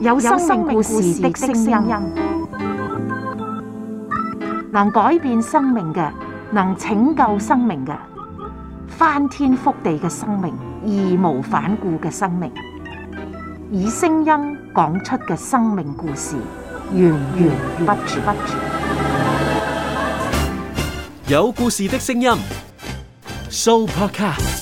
有生命故事的聲音，能改變生命嘅，能拯救生命嘅，翻天覆地嘅生命，義無反顧嘅生命，以聲音講出嘅生命故事，源源不絕。有故事的聲音，Supercar。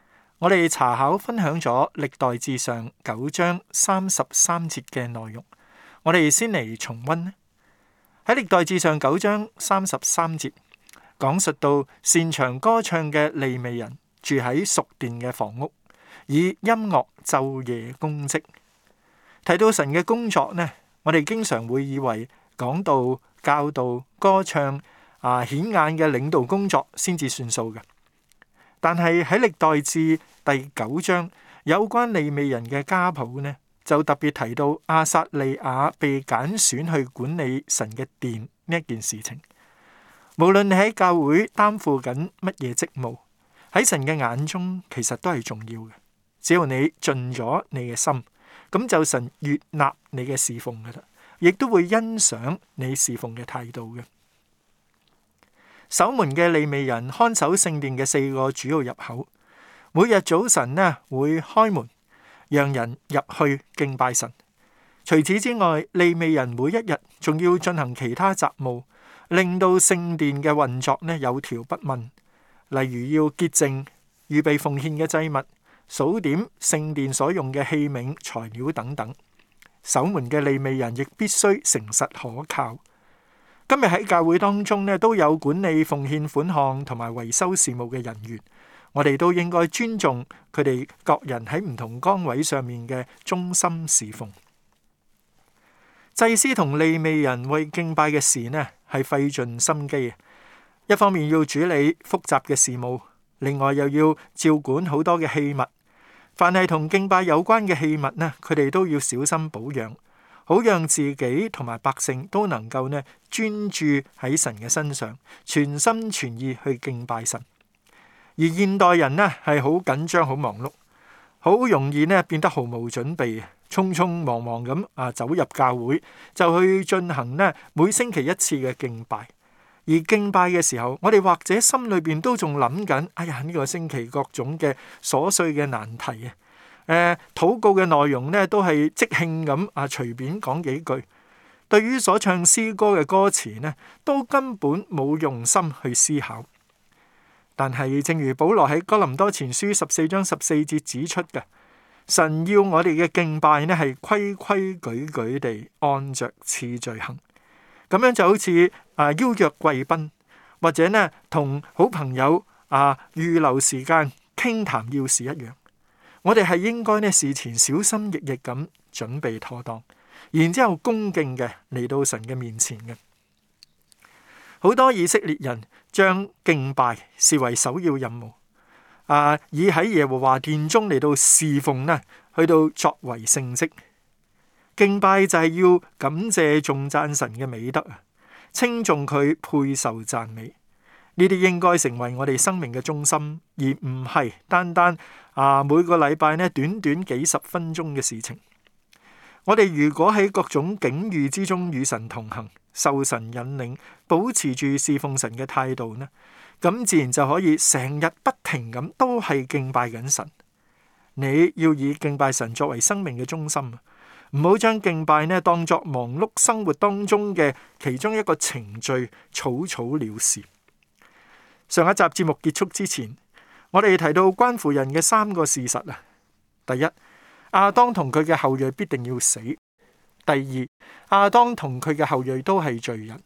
我哋查考分享咗《歷代志上》九章三十三節嘅內容，我哋先嚟重溫。喺《歷代志上》九章三十三節，講述到擅長歌唱嘅利未人住喺熟殿嘅房屋，以音樂晝夜供職。提到神嘅工作呢，我哋經常會以為講到教導、歌唱啊、呃、顯眼嘅領導工作先至算數嘅。但係喺歷代志第九章有關利未人嘅家譜呢，就特別提到阿薩利亞被揀選去管理神嘅殿呢件事情。無論你喺教會擔負緊乜嘢職務，喺神嘅眼中其實都係重要嘅。只要你盡咗你嘅心，咁就神悦納你嘅侍奉㗎喇，亦都會欣賞你侍奉嘅態度嘅。守門嘅利未人看守聖殿嘅四個主要入口，每日早晨呢會開門讓人入去敬拜神。除此之外，利未人每一日仲要進行其他雜務，令到聖殿嘅運作呢有條不紊。例如要潔淨、預備奉獻嘅祭物、數點聖殿所用嘅器皿、材料等等。守門嘅利未人亦必須誠實可靠。今日喺教會當中咧，都有管理奉獻款項同埋維修事務嘅人員，我哋都應該尊重佢哋各人喺唔同崗位上面嘅忠心侍奉。祭司同利未人為敬拜嘅事呢，係費盡心機，一方面要處理複雜嘅事務，另外又要照管好多嘅器物。凡係同敬拜有關嘅器物呢，佢哋都要小心保養。好讓自己同埋百姓都能夠呢，專注喺神嘅身上，全心全意去敬拜神。而現代人呢係好緊張、好忙碌，好容易呢變得毫無準備，匆匆忙忙咁啊走入教會就去進行呢每星期一次嘅敬拜。而敬拜嘅時候，我哋或者心裏邊都仲諗緊，哎呀，呢個星期各種嘅瑣碎嘅難題啊！誒，禱告嘅內容呢都係即興咁啊，隨便講幾句。對於所唱詩歌嘅歌詞呢，都根本冇用心去思考。但係正如保羅喺哥林多前書十四章十四節指出嘅，神要我哋嘅敬拜呢係規規矩矩地按着次序行。咁樣就好似啊邀約貴賓，或者呢同好朋友啊預留時間傾談要事一樣。我哋係應該咧事前小心翼翼咁準備妥當，然之後恭敬嘅嚟到神嘅面前嘅。好多以色列人將敬拜視為首要任務，啊，以喺耶和華殿中嚟到侍奉咧，去到作為聖職。敬拜就係要感謝、頌讚神嘅美德啊，稱頌佢、配受讚美。呢啲應該成為我哋生命嘅中心，而唔係單單啊每個禮拜呢短短幾十分鐘嘅事情。我哋如果喺各種境遇之中與神同行，受神引領，保持住侍奉神嘅態度呢，咁自然就可以成日不停咁都係敬拜緊神。你要以敬拜神作為生命嘅中心，唔好將敬拜呢當作忙碌生活當中嘅其中一個程序，草草了事。上一集節目結束之前，我哋提到關乎人嘅三個事實啊。第一，阿當同佢嘅後裔必定要死；第二，阿當同佢嘅後裔都係罪人；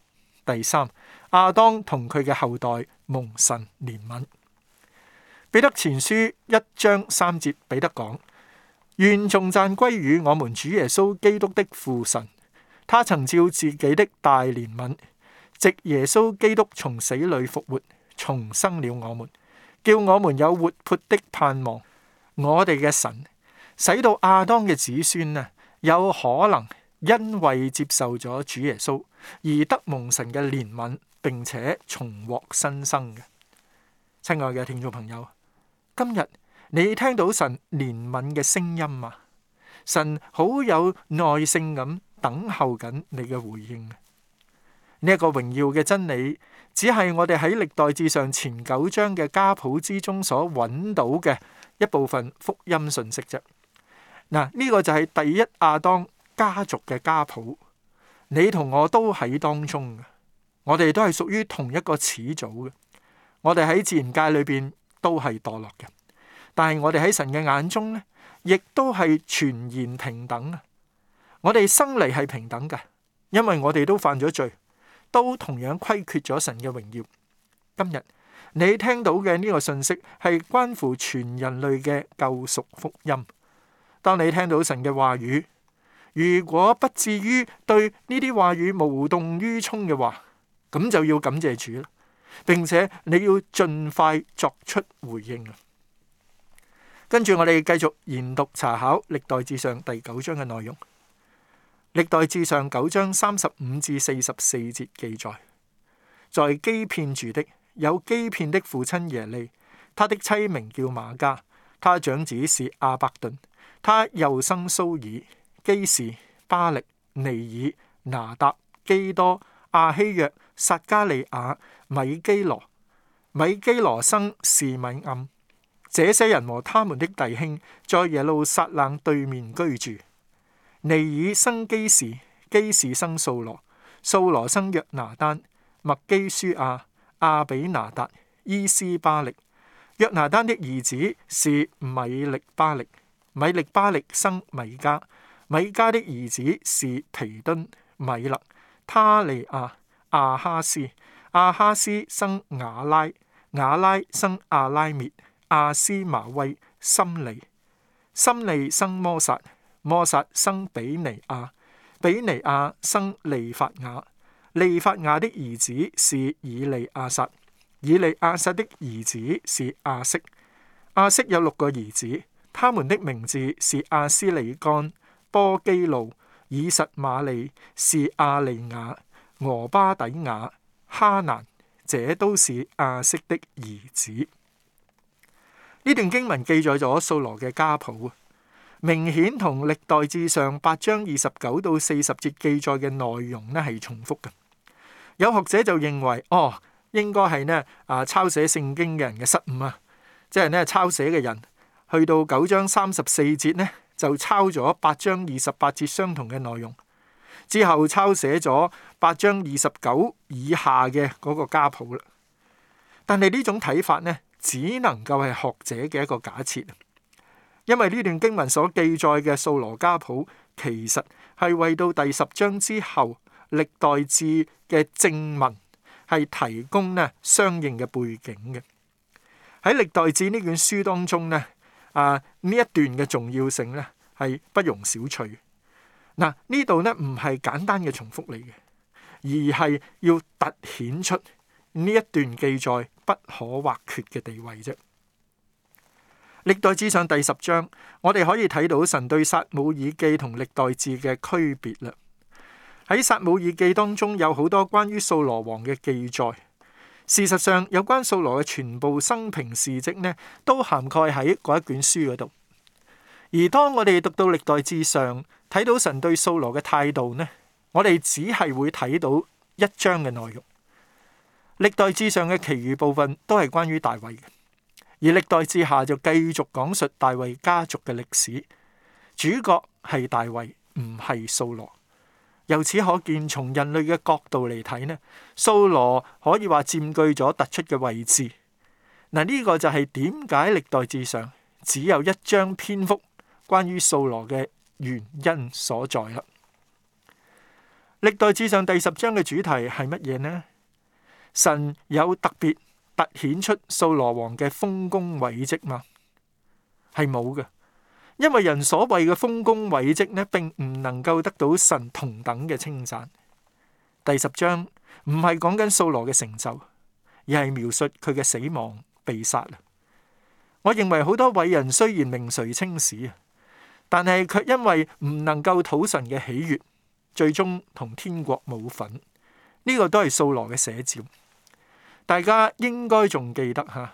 第三，阿當同佢嘅後代蒙神憐憫。彼得前書一章三節，彼得講，願頌讚歸於我們主耶穌基督的父神，他曾照自己的大憐憫，藉耶穌基督從死裏復活。重生了我們，叫我們有活潑的盼望。我哋嘅神使到亞當嘅子孫啊，有可能因為接受咗主耶穌而得蒙神嘅憐憫，並且重獲新生嘅。親愛嘅聽眾朋友，今日你聽到神憐憫嘅聲音嗎？神好有耐性咁等候緊你嘅回應。呢、這、一個榮耀嘅真理。只係我哋喺歷代志上前九章嘅家譜之中所揾到嘅一部分福音信息啫。嗱，呢個就係第一亞當家族嘅家譜，你同我都喺當中，我哋都係屬於同一個始祖嘅。我哋喺自然界裏邊都係墮落嘅，但係我哋喺神嘅眼中呢，亦都係全然平等啊！我哋生嚟係平等嘅，因為我哋都犯咗罪。都同樣虧缺咗神嘅榮耀。今日你聽到嘅呢個信息係關乎全人類嘅救贖福音。當你聽到神嘅話語，如果不至於對呢啲話語無動於衷嘅話，咁就要感謝主啦，並且你要盡快作出回應啊！跟住我哋繼續研讀查考歷代志上第九章嘅內容。歷代志上九章三十五至四十四節記載，在基片住的有基片的父親耶利，他的妻名叫瑪加，他長子是阿伯頓，他又生蘇爾、基士、巴力、尼爾、拿達、基多、阿希約、撒加利亞、米基羅。米基羅生是米暗，這些人和他們的弟兄在耶路撒冷對面居住。尼珥生基士，基士生掃羅，掃羅生約拿單，麥基舒亞、亞比拿達、伊斯巴力。約拿單的兒子是米力巴力，米力巴力生米加，米加的兒子是提敦、米勒、他利亞、亞哈斯，亞哈斯生亞拉，亞拉生阿拉滅、亞斯瑪威、心利，心利生摩撒。摩撒生比尼亞，比尼亞生利法雅，利法雅的兒子是以利亞薩，以利亞薩的兒子是亞色，亞色有六個兒子，他們的名字是亞斯利干、波基路、以實瑪利、是阿利亞利雅、俄巴底雅、哈南，這都是亞色的兒子。呢段經文記載咗掃羅嘅家譜。明顯同歷代志上八章二十九到四十節記載嘅內容咧係重複嘅，有學者就認為，哦，應該係咧啊抄寫聖經嘅人嘅失誤啊，即係咧抄寫嘅人去到九章三十四節咧就抄咗八章二十八節相同嘅內容，之後抄寫咗八章二十九以下嘅嗰個家譜啦。但係呢種睇法咧，只能夠係學者嘅一個假設。因為呢段經文所記載嘅《掃羅家譜》，其實係為到第十章之後《歷代志》嘅正文係提供呢相應嘅背景嘅。喺《歷代志》呢卷書當中呢，啊呢一段嘅重要性呢係不容小覷。嗱、啊、呢度呢唔係簡單嘅重複嚟嘅，而係要突顯出呢一段記載不可或缺嘅地位啫。歷代志上第十章，我哋可以睇到神對撒母耳記同歷代志嘅區別啦。喺撒母耳記當中有好多關於掃羅王嘅記載，事實上有關掃羅嘅全部生平事跡呢，都涵蓋喺嗰一卷書嗰度。而當我哋讀到歷代志上，睇到神對掃羅嘅態度呢，我哋只係會睇到一章嘅內容。歷代志上嘅其餘部分都係關於大衛嘅。而歷代志下就繼續講述大衛家族嘅歷史，主角係大衛，唔係掃羅。由此可見，從人類嘅角度嚟睇呢，掃羅可以話佔據咗突出嘅位置。嗱，呢個就係點解歷代志上只有一章篇幅關於掃羅嘅原因所在啦。歷代志上第十章嘅主題係乜嘢呢？神有特別突顯出掃羅王嘅豐功偉績嘛，係冇嘅，因為人所謂嘅豐功偉績呢，並唔能夠得到神同等嘅稱讚。第十章唔係講緊掃羅嘅成就，而係描述佢嘅死亡被殺啊！我認為好多偉人雖然名垂青史，但係卻因為唔能夠討神嘅喜悅，最終同天國冇份。呢個都係掃羅嘅寫照。大家應該仲記得吓？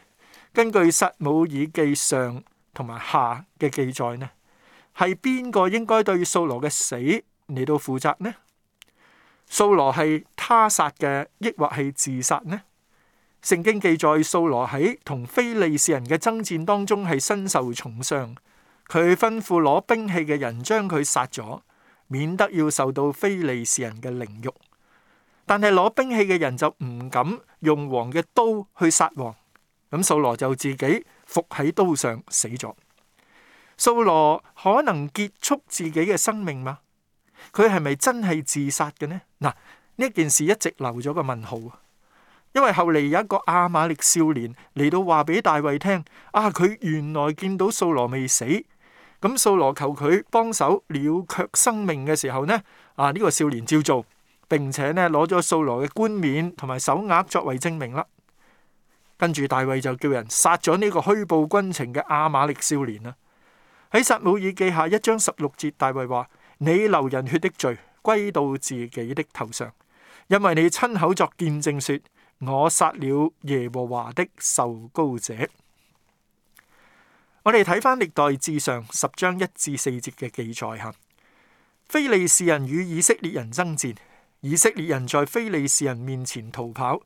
根據《撒母耳記上》同埋《下》嘅記載呢，係邊個應該對掃羅嘅死嚟到負責呢？掃羅係他殺嘅，抑或係自殺呢？聖經記載掃羅喺同非利士人嘅爭戰當中係身受重傷，佢吩咐攞兵器嘅人將佢殺咗，免得要受到非利士人嘅凌辱。但係攞兵器嘅人就唔敢用王嘅刀去殺王，咁掃羅就自己伏喺刀上死咗。掃羅可能結束自己嘅生命嗎？佢係咪真係自殺嘅呢？嗱，呢件事一直留咗個問號啊！因為後嚟有一個阿瑪力少年嚟到話俾大衛聽，啊，佢原來見到掃羅未死，咁掃羅求佢幫手了卻生命嘅時候呢，啊，呢個少年照做。並且呢，攞咗掃羅嘅冠冕同埋手鐲作為證明啦。跟住大衛就叫人殺咗呢個虛報軍情嘅亞瑪力少年啦。喺撒母耳記下一章十六節，大衛話：你流人血的罪歸到自己的頭上，因為你親口作見證說：我殺了耶和華的受膏者。我哋睇翻歷代志上十章一至四節嘅記載，下非利士人與以色列人爭戰。以色列人在非利士人面前逃跑，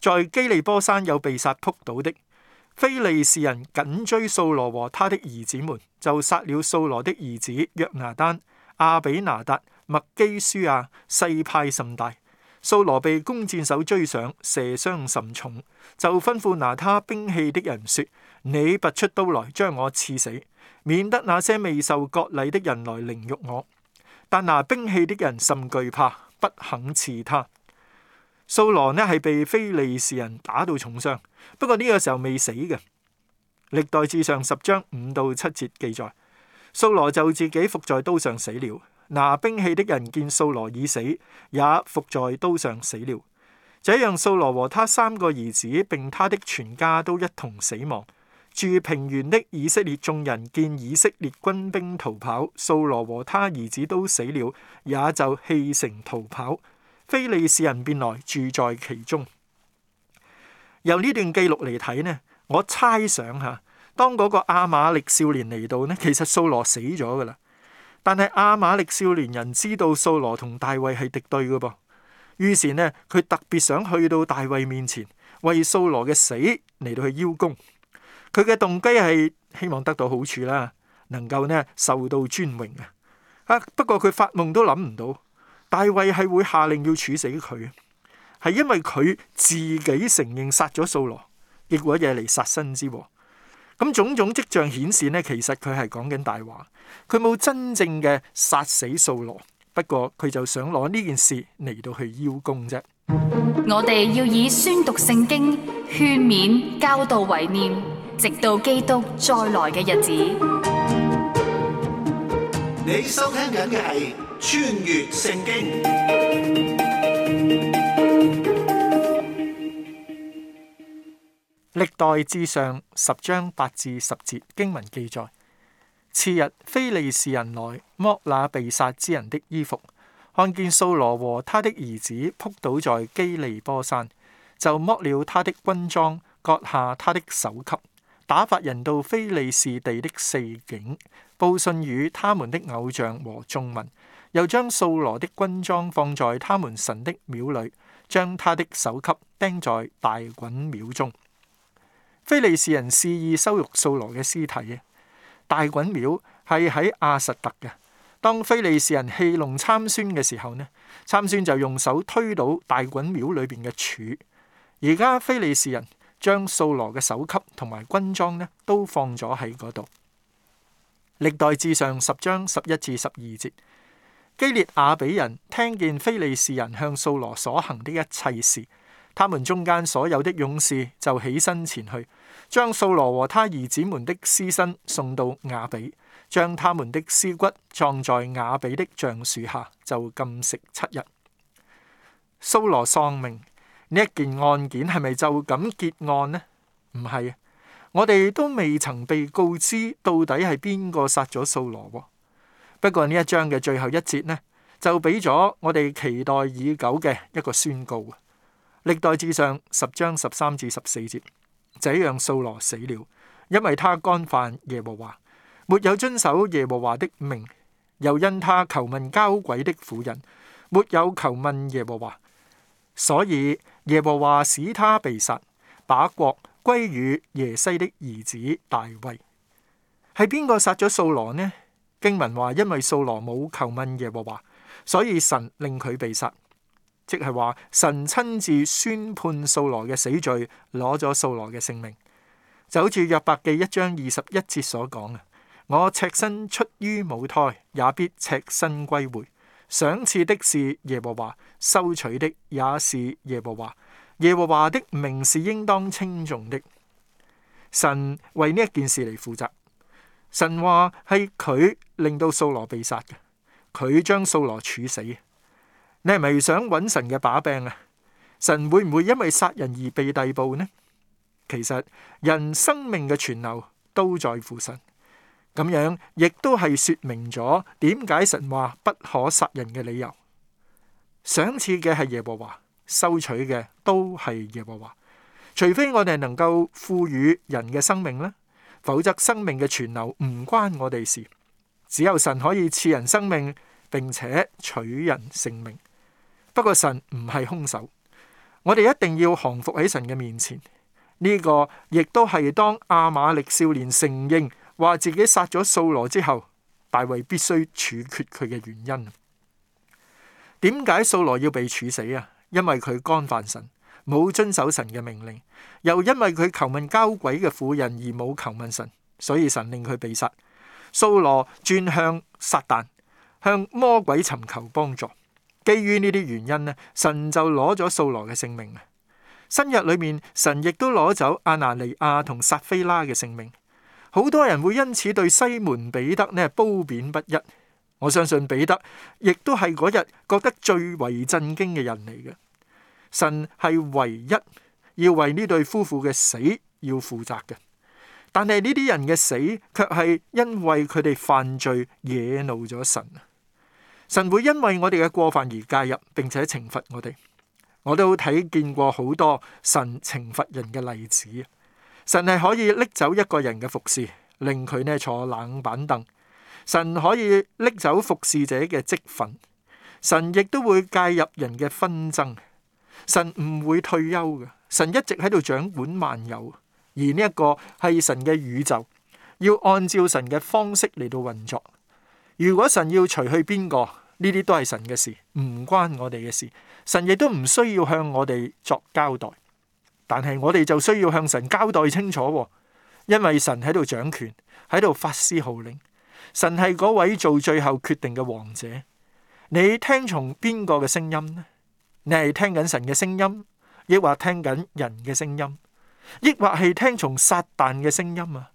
在基利波山有被殺撲倒的。非利士人緊追掃羅和他的兒子們，就殺了掃羅的兒子約拿單、亞比拿達、麥基舒亞，勢派甚大。掃羅被弓箭手追上，射傷甚重，就吩咐拿他兵器的人說：你拔出刀來，將我刺死，免得那些未受割禮的人來凌辱我。但拿兵器的人甚懼怕。不肯刺他，掃羅呢係被非利士人打到重傷，不過呢個時候未死嘅。歷代志上十章五到七節記載，掃羅就自己伏在刀上死了。拿兵器的人見掃羅已死，也伏在刀上死了。這樣掃羅和他三個兒子並他的全家都一同死亡。住平原的以色列眾人見以色列軍兵逃跑，掃羅和他兒子都死了，也就棄城逃跑。非利士人便來住在其中。由呢段記錄嚟睇呢，我猜想吓，當嗰個阿瑪力少年嚟到呢，其實掃羅死咗噶啦。但係阿瑪力少年人知道掃羅同大衛係敵對噶噃，於是呢，佢特別想去到大衛面前為掃羅嘅死嚟到去邀功。佢嘅動機係希望得到好處啦，能夠呢受到尊榮啊！不過佢發夢都諗唔到，大衛係會下令要處死佢，係因為佢自己承認殺咗掃羅，結果惹嚟殺身之禍。咁、啊、種種跡象顯示呢，其實佢係講緊大話，佢冇真正嘅殺死掃羅，不過佢就想攞呢件事嚟到去邀功啫。我哋要以宣讀聖經、勸勉、教導為念。直到基督再來嘅日子，你收聽緊嘅係穿越聖經歷代志上十章八至十節經文記載。次日，非利士人來剝那被殺之人的衣服，看見掃羅和他的兒子扑倒在基利波山，就剝了他的軍裝，割下他的首級。打發人到非利士地的四境，報信與他們的偶像和眾民，又將掃羅的軍裝放在他們神的廟裏，將他的首級釘在大袞廟中。非利士人肆意羞辱掃羅嘅屍體。大袞廟係喺亞實特嘅。當非利士人戲弄參孫嘅時候呢，參孫就用手推倒大袞廟裏邊嘅柱。而家非利士人。將掃羅嘅首級同埋軍裝呢，都放咗喺嗰度。歷代志上十章十一至十二節，基列亞比人聽見非利士人向掃羅所行的一切事，他們中間所有的勇士就起身前去，將掃羅和他兒子們的屍身送到亞比，將他們的屍骨葬在亞比的橡樹下，就禁食七日。掃羅喪命。呢一件案件係咪就咁結案呢？唔係，我哋都未曾被告知到底係邊個殺咗掃羅。不過呢一章嘅最後一節呢，就俾咗我哋期待已久嘅一個宣告。歷代志上十章十三至十四節，這樣掃羅死了，因為他干犯耶和華，沒有遵守耶和華的命，又因他求問交鬼的婦人，沒有求問耶和華，所以，耶和華使他被殺，把國歸於耶西的兒子大衛。係邊個殺咗掃羅呢？經文話，因為掃羅冇求問耶和華，所以神令佢被殺，即係話神親自宣判掃羅嘅死罪，攞咗掃羅嘅性命。就好似約伯記一章二十一節所講啊，我赤身出於母胎，也必赤身歸回。賞賜的是耶和華，收取的也是耶和華。耶和華的名是應當稱頌的。神為呢一件事嚟負責。神話係佢令到掃羅被殺嘅，佢將掃羅處死。你係咪想揾神嘅把柄啊？神會唔會因為殺人而被逮捕呢？其實人生命嘅存留都在乎神。咁樣亦都係說明咗點解神話不可殺人嘅理由。賞賜嘅係耶和華，收取嘅都係耶和華。除非我哋能夠賦予人嘅生命咧，否則生命嘅存留唔關我哋事。只有神可以賜人生命，並且取人性命。不過神唔係凶手，我哋一定要降服喺神嘅面前。呢、這個亦都係當亞瑪力少年承認。話自己殺咗掃羅之後，大衛必須處決佢嘅原因。點解掃羅要被處死啊？因為佢干犯神，冇遵守神嘅命令，又因為佢求問交鬼嘅婦人而冇求問神，所以神令佢被殺。掃羅轉向撒旦，向魔鬼尋求幫助。基於呢啲原因咧，神就攞咗掃羅嘅性命啊！新約裏面，神亦都攞走阿拿尼亞同撒非拉嘅性命。好多人會因此對西門彼得呢褒貶不一，我相信彼得亦都係嗰日覺得最為震驚嘅人嚟嘅。神係唯一要為呢對夫婦嘅死要負責嘅，但係呢啲人嘅死卻係因為佢哋犯罪惹怒咗神。神會因為我哋嘅過犯而介入，並且懲罰我哋。我都睇見過好多神懲罰人嘅例子。神係可以拎走一個人嘅服侍，令佢呢坐冷板凳。神可以拎走服侍者嘅積分，神亦都會介入人嘅紛爭。神唔會退休嘅，神一直喺度掌管萬有。而呢一個係神嘅宇宙，要按照神嘅方式嚟到運作。如果神要除去邊個，呢啲都係神嘅事，唔關我哋嘅事。神亦都唔需要向我哋作交代。但係我哋就需要向神交代清楚哦，因為神喺度掌權，喺度發施號令。神係嗰位做最後決定嘅王者。你聽從邊個嘅聲音呢？你係聽緊神嘅聲音，抑或聽緊人嘅聲音，抑或係聽從撒旦嘅聲音啊？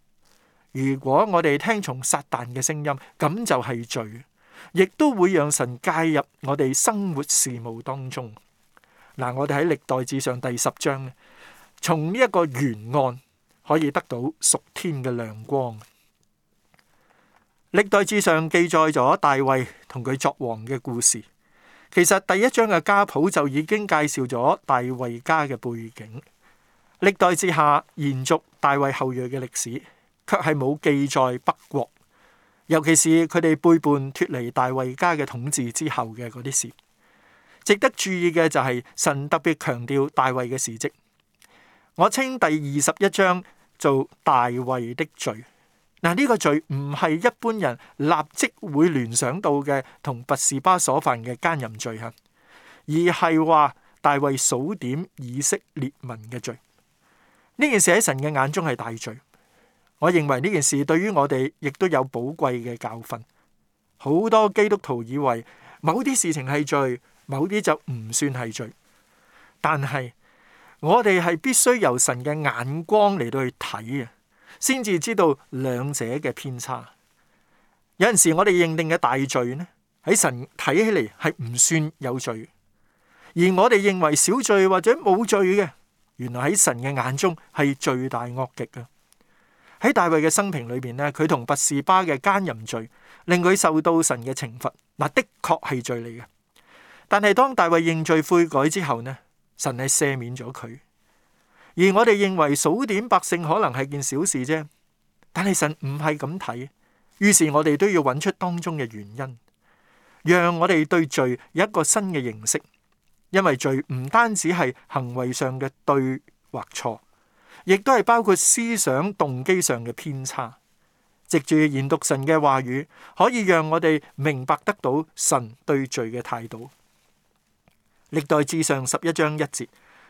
如果我哋聽從撒旦嘅聲音，咁就係罪，亦都會讓神介入我哋生活事務當中。嗱，我哋喺歷代志上第十章。從呢一個原案可以得到屬天嘅亮光。歷代志上記載咗大衛同佢作王嘅故事。其實第一章嘅家譜就已經介紹咗大衛家嘅背景。歷代志下延續大衛後裔嘅歷史，卻係冇記載北國，尤其是佢哋背叛脫離大衛家嘅統治之後嘅嗰啲事。值得注意嘅就係神特別強調大衛嘅事跡。我稱第二十一章做大衛的罪，嗱、這、呢個罪唔係一般人立即會聯想到嘅，同拔士巴所犯嘅奸淫罪行，而係話大衛數點以色列民嘅罪。呢件事喺神嘅眼中係大罪。我認為呢件事對於我哋亦都有寶貴嘅教訓。好多基督徒以為某啲事情係罪，某啲就唔算係罪，但係，我哋係必須由神嘅眼光嚟到去睇啊，先至知道兩者嘅偏差。有陣時我哋認定嘅大罪咧，喺神睇起嚟係唔算有罪；而我哋認為小罪或者冇罪嘅，原來喺神嘅眼中係最大惡極嘅。喺大衛嘅生平裏邊咧，佢同拔士巴嘅奸淫罪令佢受到神嘅懲罰。嗱，的確係罪嚟嘅。但係當大衛認罪悔改之後咧。神係赦免咗佢，而我哋認為數點百姓可能係件小事啫，但係神唔係咁睇，於是我哋都要揾出當中嘅原因，讓我哋對罪有一個新嘅認識，因為罪唔單止係行為上嘅對或錯，亦都係包括思想動機上嘅偏差。藉住研讀神嘅話語，可以讓我哋明白得到神對罪嘅態度。歷代志上十一章一節，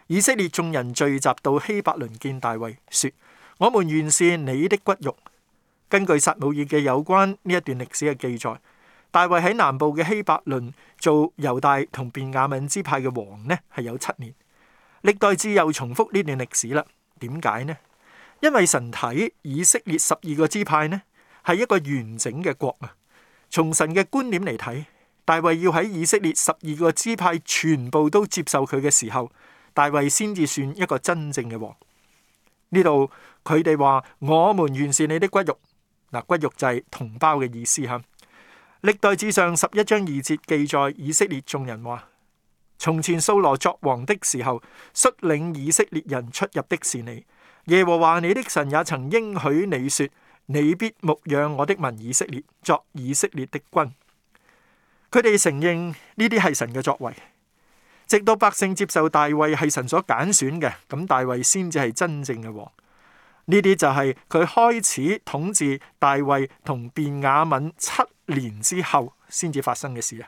以色列眾人聚集到希伯倫見大衛，說：我們原是你的骨肉。根據撒母耳嘅有關呢一段歷史嘅記載，大衛喺南部嘅希伯倫做猶大同便雅憫支派嘅王呢，係有七年。歷代志又重複呢段歷史啦。點解呢？因為神睇以色列十二個支派呢，係一個完整嘅國啊。從神嘅觀點嚟睇。大衛要喺以色列十二個支派全部都接受佢嘅時候，大衛先至算一個真正嘅王。呢度佢哋話：我們原是你的骨肉，嗱骨肉就係同胞嘅意思吓。歷代志上十一章二節記載：以色列眾人話，從前掃羅作王的時候，率領以色列人出入的是你。耶和華你的神也曾應許你說：你必牧養我的民以色列，作以色列的君。佢哋承認呢啲係神嘅作為，直到百姓接受大衛係神所揀選嘅，咁大衛先至係真正嘅王。呢啲就係佢開始統治大衛同便雅憫七年之後先至發生嘅事啊。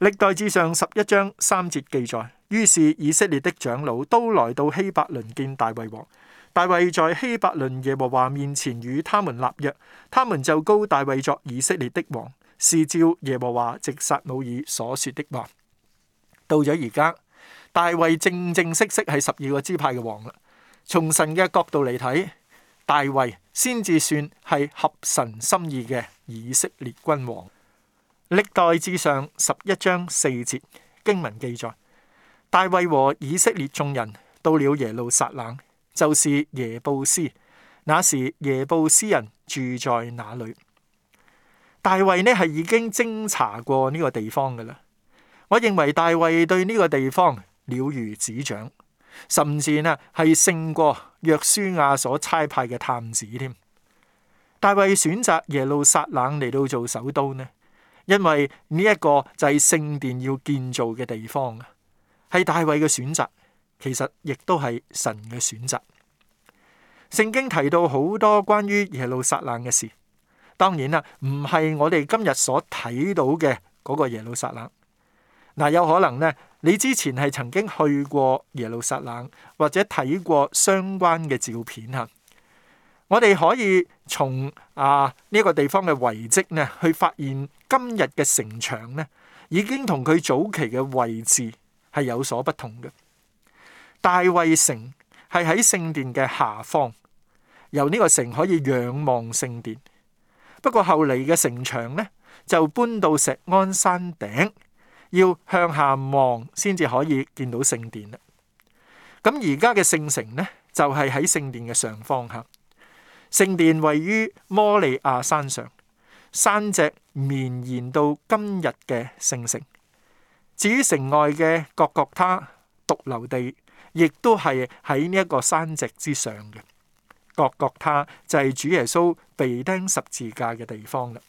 歷代志上十一章三節記載：於是以色列的長老都來到希伯崙見大衛王，大衛在希伯崙耶和華面前與他們立約，他們就膏大衛作以色列的王。是照耶和華藉撒母耳所說的話，到咗而家，大衛正正式式係十二個支派嘅王啦。從神嘅角度嚟睇，大衛先至算係合神心意嘅以色列君王。歷代志上十一章四節經文記載，大衛和以色列眾人到了耶路撒冷，就是耶布斯。那時耶布斯人住在哪裏？大衛呢係已經偵查過呢個地方嘅啦，我認為大衛對呢個地方了如指掌，甚至呢係勝過約書亞所差派嘅探子添。大衛選擇耶路撒冷嚟到做首都呢，因為呢一個就係聖殿要建造嘅地方啊，係大衛嘅選擇，其實亦都係神嘅選擇。聖經提到好多關於耶路撒冷嘅事。當然啦，唔係我哋今日所睇到嘅嗰個耶路撒冷嗱，有可能呢，你之前係曾經去過耶路撒冷或者睇過相關嘅照片吓。我哋可以從啊呢個地方嘅遺跡呢，去發現今日嘅城牆呢已經同佢早期嘅位置係有所不同嘅。大衛城係喺聖殿嘅下方，由呢個城可以仰望聖殿。不過後嚟嘅城牆咧就搬到石安山頂，要向下望先至可以見到聖殿啦。咁而家嘅聖城呢，就係喺聖殿嘅上方吓，聖殿位於摩利亞山上，山脊綿延到今日嘅聖城。至於城外嘅各各他髑髏地，亦都係喺呢一個山脊之上嘅各各他，各各他就係主耶穌。被釘十字架嘅地方啦。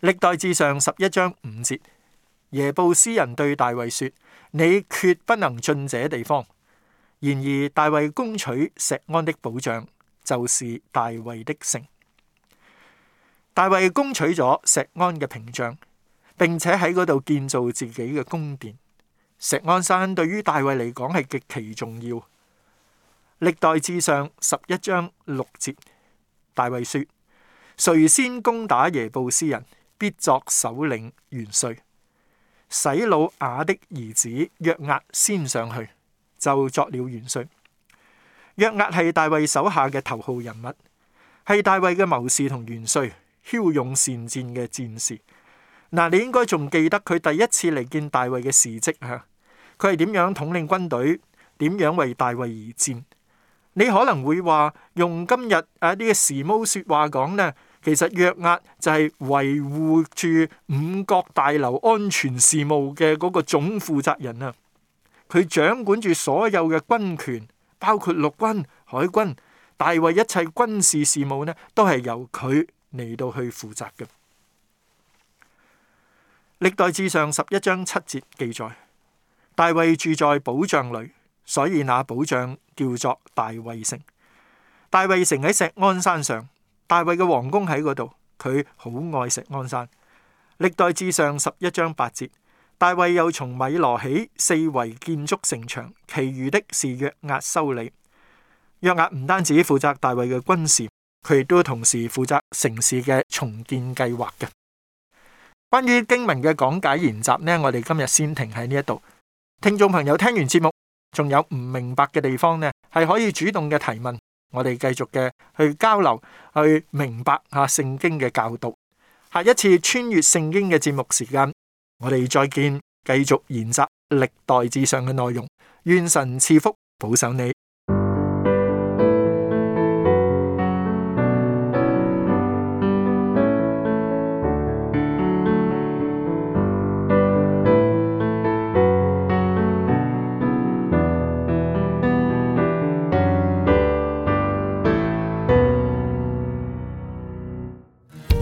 歷代志上十一章五節，耶布斯人對大衛說：你決不能進這地方。然而，大衛攻取石安的保障，就是大衛的城。大衛攻取咗石安嘅屏障，並且喺嗰度建造自己嘅宮殿。石安山對於大衛嚟講係極其重要。歷代志上十一章六節。大衛說：誰先攻打耶布斯人，必作首領元帥。洗魯雅的兒子約押先上去，就作了元帥。約押係大衛手下嘅頭號人物，係大衛嘅謀士同元帥，驍勇善戰嘅戰士。嗱，你應該仲記得佢第一次嚟見大衛嘅事跡吓，佢係點樣統領軍隊，點樣為大衛而戰。你可能會話用今日啊啲、這個、時髦説話講呢，其實約押就係維護住五角大樓安全事務嘅嗰個總負責人啊！佢掌管住所有嘅軍權，包括陸軍、海軍，大衛一切軍事事務呢都係由佢嚟到去負責嘅。歷代志上十一章七節記載，大衛住在保障裏。所以那保障叫做大衛城，大衛城喺錫安山上，大衛嘅皇宮喺嗰度，佢好愛錫安山。歷代志上十一章八節，大衛又從米羅起四圍建築城牆，其餘的是約押修理。約押唔單止負責大衛嘅軍事，佢亦都同時負責城市嘅重建計劃嘅。關於經文嘅講解研習呢，我哋今日先停喺呢一度。聽眾朋友聽完節目，仲有唔明白嘅地方呢，係可以主動嘅提問，我哋繼續嘅去交流，去明白吓聖經嘅教導。下一次穿越聖經嘅節目時間，我哋再見，繼續研習歷代志上嘅內容。願神賜福保守你。